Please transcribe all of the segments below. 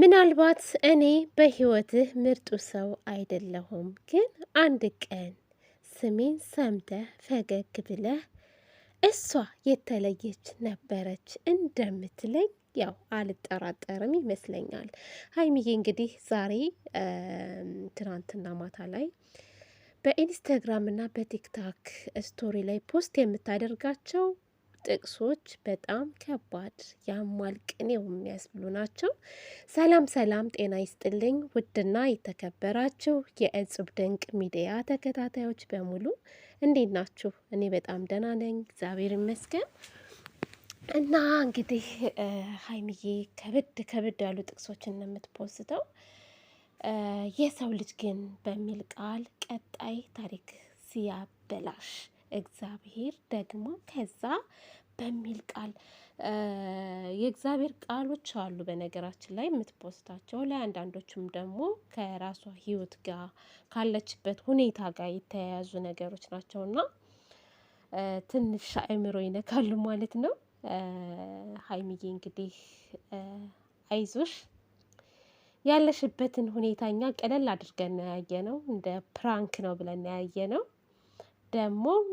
ምናልባት እኔ በሕይወትህ ምርጡ ሰው አይደለሁም፣ ግን አንድ ቀን ስሜን ሰምተህ ፈገግ ብለህ እሷ የተለየች ነበረች እንደምትለኝ ያው አልጠራጠርም ይመስለኛል። ሀይሚዬ እንግዲህ ዛሬ ትናንትና ማታ ላይ በኢንስታግራም እና በቲክታክ ስቶሪ ላይ ፖስት የምታደርጋቸው ጥቅሶች በጣም ከባድ ያሟል ቅኔው የሚያስብሉ ናቸው። ሰላም ሰላም፣ ጤና ይስጥልኝ ውድና የተከበራችሁ የእጹብ ድንቅ ሚዲያ ተከታታዮች በሙሉ እንዴት ናችሁ? እኔ በጣም ደህና ነኝ እግዚአብሔር ይመስገን። እና እንግዲህ ሀይሚዬ ከብድ ከብድ ያሉ ጥቅሶችን ነው የሰው ልጅ ግን በሚል ቃል ቀጣይ ታሪክ ሲያበላሽ እግዚአብሔር ደግሞ ከዛ በሚል ቃል የእግዚአብሔር ቃሎች አሉ። በነገራችን ላይ የምትፖስታቸው ላይ አንዳንዶቹም ደግሞ ከራሷ ሕይወት ጋር ካለችበት ሁኔታ ጋር የተያያዙ ነገሮች ናቸውና ትንሽ አእምሮ ይነካሉ ማለት ነው። ሀይሚዬ እንግዲህ አይዞሽ ያለሽበትን ሁኔታኛ ቀለል አድርገን ያየ ነው። እንደ ፕራንክ ነው ብለን ያየ ነው። ደግሞም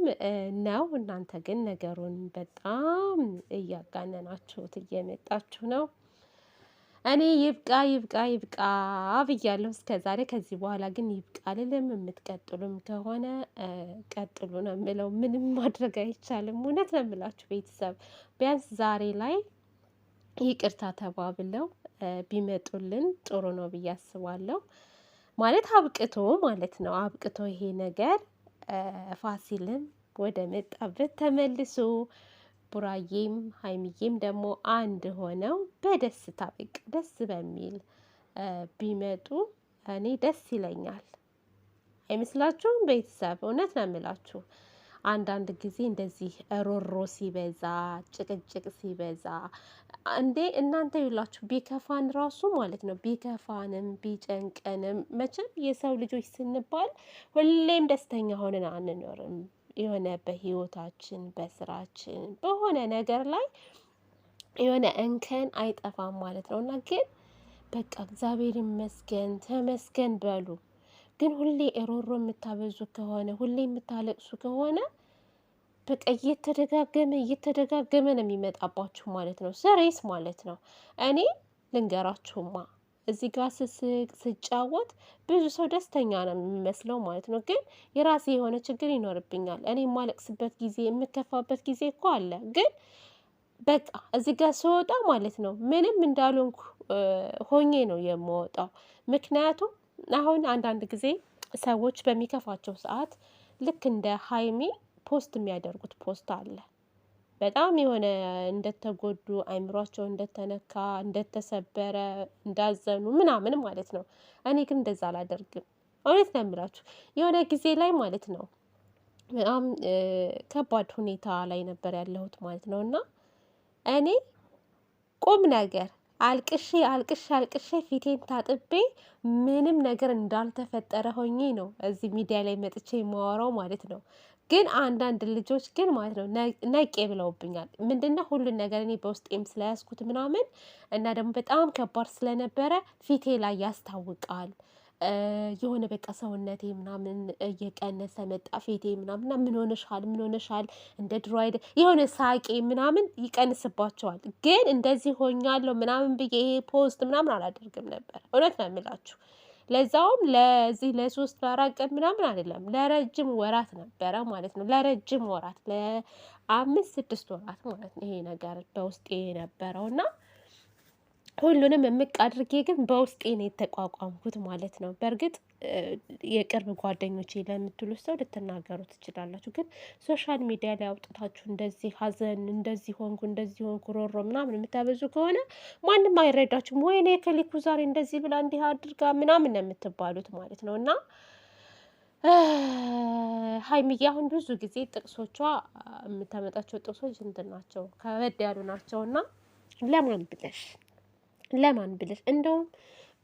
ነው። እናንተ ግን ነገሩን በጣም እያጋነናችሁት እየመጣችሁ ነው። እኔ ይብቃ ይብቃ ይብቃ ብያለሁ እስከዛሬ። ከዚህ በኋላ ግን ይብቃ ልልም የምትቀጥሉም ከሆነ ቀጥሉ ነው የምለው። ምንም ማድረግ አይቻልም። እውነት ነው የምላችሁ ቤተሰብ ቢያንስ ዛሬ ላይ ይቅርታ ተባብለው ቢመጡልን ጥሩ ነው ብዬ አስባለሁ። ማለት አብቅቶ ማለት ነው አብቅቶ ይሄ ነገር ፋሲልም ወደ መጣበት ተመልሶ ቡራዬም ሀይሚዬም ደግሞ አንድ ሆነው በደስታ በቅ ደስ በሚል ቢመጡ እኔ ደስ ይለኛል። አይመስላችሁም? ቤተሰብ እውነት ነው የምላችሁ። አንዳንድ ጊዜ እንደዚህ ሮሮ ሲበዛ፣ ጭቅጭቅ ሲበዛ እንዴ እናንተ ይላችሁ ቢከፋን ራሱ ማለት ነው ቢከፋንም ቢጨንቀንም መቼም የሰው ልጆች ስንባል ሁሌም ደስተኛ ሆነን አንኖርም። የሆነ በህይወታችን በስራችን በሆነ ነገር ላይ የሆነ እንከን አይጠፋም ማለት ነው። እና ግን በቃ እግዚአብሔር ይመስገን ተመስገን በሉ። ግን ሁሌ ሮሮ የምታበዙ ከሆነ ሁሌ የምታለቅሱ ከሆነ በቃ እየተደጋገመ እየተደጋገመ ነው የሚመጣባችሁ ማለት ነው። ስሬስ ማለት ነው። እኔ ልንገራችሁማ እዚህ ጋር ስስቅ ስጫወት ብዙ ሰው ደስተኛ ነው የሚመስለው ማለት ነው። ግን የራሴ የሆነ ችግር ይኖርብኛል። እኔ የማለቅስበት ጊዜ የምከፋበት ጊዜ እኮ አለ። ግን በቃ እዚህ ጋር ስወጣ ማለት ነው ምንም እንዳልሆንኩ ሆኜ ነው የምወጣው። ምክንያቱም አሁን አንዳንድ ጊዜ ሰዎች በሚከፋቸው ሰዓት ልክ እንደ ሀይሜ ፖስት የሚያደርጉት ፖስት አለ። በጣም የሆነ እንደተጎዱ አይምሯቸው እንደተነካ እንደተሰበረ እንዳዘኑ ምናምን ማለት ነው። እኔ ግን እንደዛ አላደርግም። እውነት ነው የምላችሁ የሆነ ጊዜ ላይ ማለት ነው በጣም ከባድ ሁኔታ ላይ ነበር ያለሁት ማለት ነው። እና እኔ ቁም ነገር አልቅሼ አልቅሼ አልቅሼ ፊቴን ታጥቤ ምንም ነገር እንዳልተፈጠረ ሆኜ ነው እዚህ ሚዲያ ላይ መጥቼ የማወራው ማለት ነው። ግን አንዳንድ ልጆች ግን ማለት ነው ነቄ ብለውብኛል። ምንድነው ሁሉን ነገር እኔ በውስጤም ስለያዝኩት ምናምን እና ደግሞ በጣም ከባድ ስለነበረ ፊቴ ላይ ያስታውቃል የሆነ በቃ ሰውነቴ ምናምን እየቀነሰ መጣ። ፊቴ ምናምን ምን ሆነሻል? ምን ሆነሻል? እንደ ድሮ አይደ የሆነ ሳቄ ምናምን ይቀንስባቸዋል። ግን እንደዚህ ሆኛለሁ ምናምን ብዬ ይሄ ፖስት ምናምን አላደርግም ነበር። እውነት ነው የምላችሁ። ለዛውም ለዚህ ለሶስት ለአራት ቀን ምናምን አይደለም ለረጅም ወራት ነበረ ማለት ነው። ለረጅም ወራት ለአምስት ስድስት ወራት ማለት ነው ይሄ ነገር በውስጤ የነበረው እና ሁሉንም እምቅ አድርጌ ግን በውስጤ ነው የተቋቋምኩት ማለት ነው። በእርግጥ የቅርብ ጓደኞች ለምትሉ ሰው ልትናገሩ ትችላላችሁ። ግን ሶሻል ሚዲያ ላይ አውጥታችሁ እንደዚህ ሀዘን እንደዚህ ሆንኩ እንደዚህ ሆንኩ ሮሮ ምናምን የምታበዙ ከሆነ ማንም አይረዳችሁም። ወይኔ ክሊኩ ዛሬ እንደዚህ ብላ እንዲህ አድርጋ ምናምን የምትባሉት ማለት ነው እና ሀይሚዬ አሁን ብዙ ጊዜ ጥቅሶቿ የምታመጣቸው ጥቅሶች እንትን ናቸው፣ ከበድ ያሉ ናቸው እና ለማን ብለሽ ለማን ብልሽ እንደውም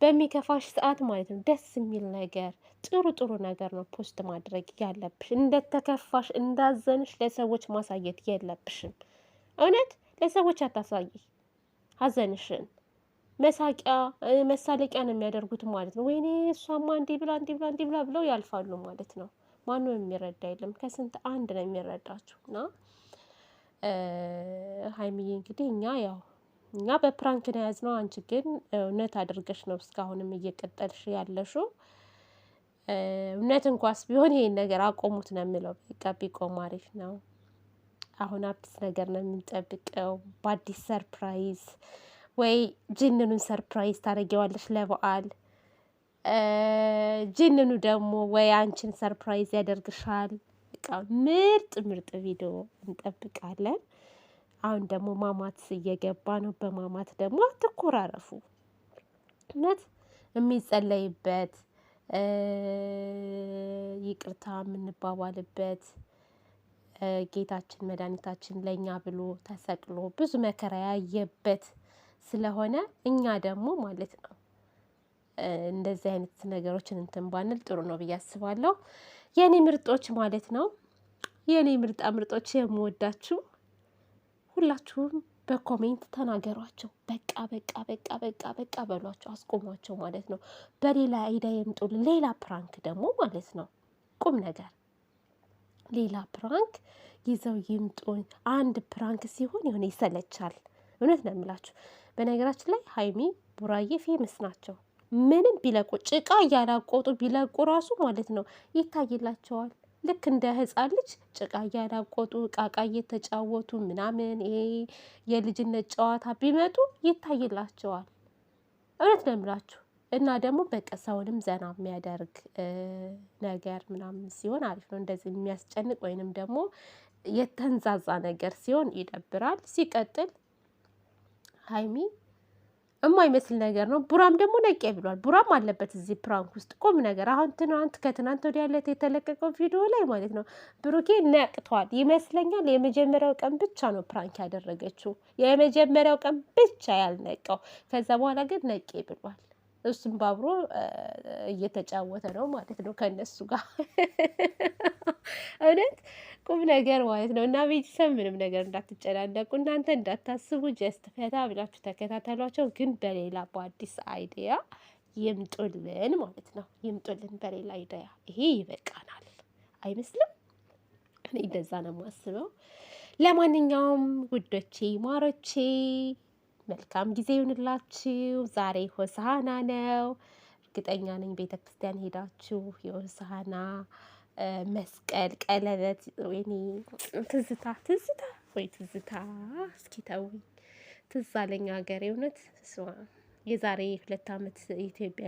በሚከፋሽ ሰዓት ማለት ነው ደስ የሚል ነገር ጥሩ ጥሩ ነገር ነው ፖስት ማድረግ ያለብሽ። እንደተከፋሽ እንዳዘንሽ ለሰዎች ማሳየት የለብሽም። እውነት ለሰዎች አታሳይ ሀዘንሽን መሳቂያ መሳለቂያ ነው የሚያደርጉት ማለት ነው። ወይኔ እሷማ እንዲህ ብላ እንዲህ ብላ እንዲህ ብላ ብለው ያልፋሉ ማለት ነው። ማንም የሚረዳ የለም። ከስንት አንድ ነው የሚረዳችሁ እና ሀይሚዬ እንግዲህ እኛ ያው እኛ በፕራንክ ነው ያዝነው። አንቺ ግን እውነት አድርገሽ ነው እስካሁንም እየቀጠልሽ ያለሽው። እውነት እንኳስ ቢሆን ይሄን ነገር አቆሙት ነው የምለው። በቃ ቢቆም አሪፍ ነው። አሁን አዲስ ነገር ነው የምንጠብቀው፣ በአዲስ ሰርፕራይዝ ወይ ጅንኑን ሰርፕራይዝ ታደርጊዋለሽ ለበዓል። ጅንኑ ደግሞ ወይ አንቺን ሰርፕራይዝ ያደርግሻል። ምርጥ ምርጥ ቪዲዮ እንጠብቃለን። አሁን ደግሞ ማማት እየገባ ነው። በማማት ደግሞ አትኮራረፉ። እውነት የሚጸለይበት ይቅርታ የምንባባልበት ጌታችን መድኃኒታችን ለእኛ ብሎ ተሰቅሎ ብዙ መከራ ያየበት ስለሆነ እኛ ደግሞ ማለት ነው እንደዚህ አይነት ነገሮችን እንትን ባንል ጥሩ ነው ብዬ አስባለሁ። የእኔ ምርጦች ማለት ነው የእኔ ምርጣ ምርጦች የምወዳችሁ ሁላችሁም በኮሜንት ተናገሯቸው። በቃ በቃ በቃ በቃ በቃ በሏቸው፣ አስቆሟቸው ማለት ነው። በሌላ አይዳ የምጡል ሌላ ፕራንክ ደግሞ ማለት ነው። ቁም ነገር ሌላ ፕራንክ ይዘው ይምጡ። አንድ ፕራንክ ሲሆን የሆነ ይሰለቻል። እውነት ነው የምላችሁ። በነገራችን ላይ ሀይሚ ቡራዬ ፌምስ ናቸው። ምንም ቢለቁ ጭቃ እያላቆጡ ቢለቁ ራሱ ማለት ነው ይታይላቸዋል። ልክ እንደ ህፃን ልጅ ጭቃ እያላቆጡ ቃቃ እየተጫወቱ ምናምን ይሄ የልጅነት ጨዋታ ቢመጡ ይታይላቸዋል። እውነት ነው የምላችሁ። እና ደግሞ በቃ ሰውንም ዘና የሚያደርግ ነገር ምናምን ሲሆን አሪፍ ነው። እንደዚህ የሚያስጨንቅ ወይንም ደግሞ የተንዛዛ ነገር ሲሆን ይደብራል። ሲቀጥል ሀይሚ የማይመስል ነገር ነው። ቡራም ደግሞ ነቄ ብሏል። ቡራም አለበት እዚህ ፕራንክ ውስጥ ቁም ነገር። አሁን ትናንት ከትናንት ወዲያ ያለት የተለቀቀው ቪዲዮ ላይ ማለት ነው ብሩኬ ነቅቷል ይመስለኛል። የመጀመሪያው ቀን ብቻ ነው ፕራንክ ያደረገችው፣ የመጀመሪያው ቀን ብቻ ያልነቀው። ከዛ በኋላ ግን ነቄ ብሏል። እሱም ባብሮ እየተጫወተ ነው ማለት ነው ከእነሱ ጋር እውነት ቁም ነገር ማለት ነው። እና ቤተሰብ ምንም ነገር እንዳትጨናነቁ እናንተ እንዳታስቡ፣ ጀስት ፈታ ብላችሁ ተከታተሏቸው። ግን በሌላ በአዲስ አይዲያ ይምጡልን ማለት ነው። ይምጡልን በሌላ አይዲያ። ይሄ ይበቃናል አይመስልም? እኔ እንደዛ ነው የማስበው። ለማንኛውም ውዶቼ ማሮቼ መልካም ጊዜ ይሁንላችሁ። ዛሬ ሆሳዕና ነው። እርግጠኛ ነኝ ቤተ ክርስቲያን ሄዳችሁ የሆሳዕና መስቀል፣ ቀለበት፣ ወይኔ ትዝታ ትዝታ ወይ ትዝታ እስኪ ተውኝ ትዝ አለኝ ሀገር የእውነት የዛሬ ሁለት ዓመት ኢትዮጵያ